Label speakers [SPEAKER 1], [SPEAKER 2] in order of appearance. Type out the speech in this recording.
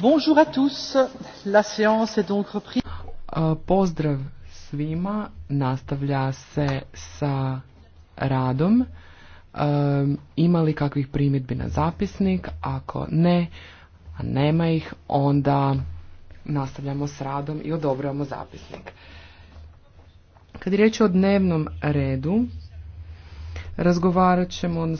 [SPEAKER 1] Bonjour à tous. La séance est donc reprise. Pozdrav svima.
[SPEAKER 2] Nastavlja se sa radom. ima li kakvih primjedbi na zapisnik? Ako ne, a nema ih, onda nastavljamo s radom i odobravamo zapisnik. Kad je riječ o dnevnom redu, razgovarat ćemo,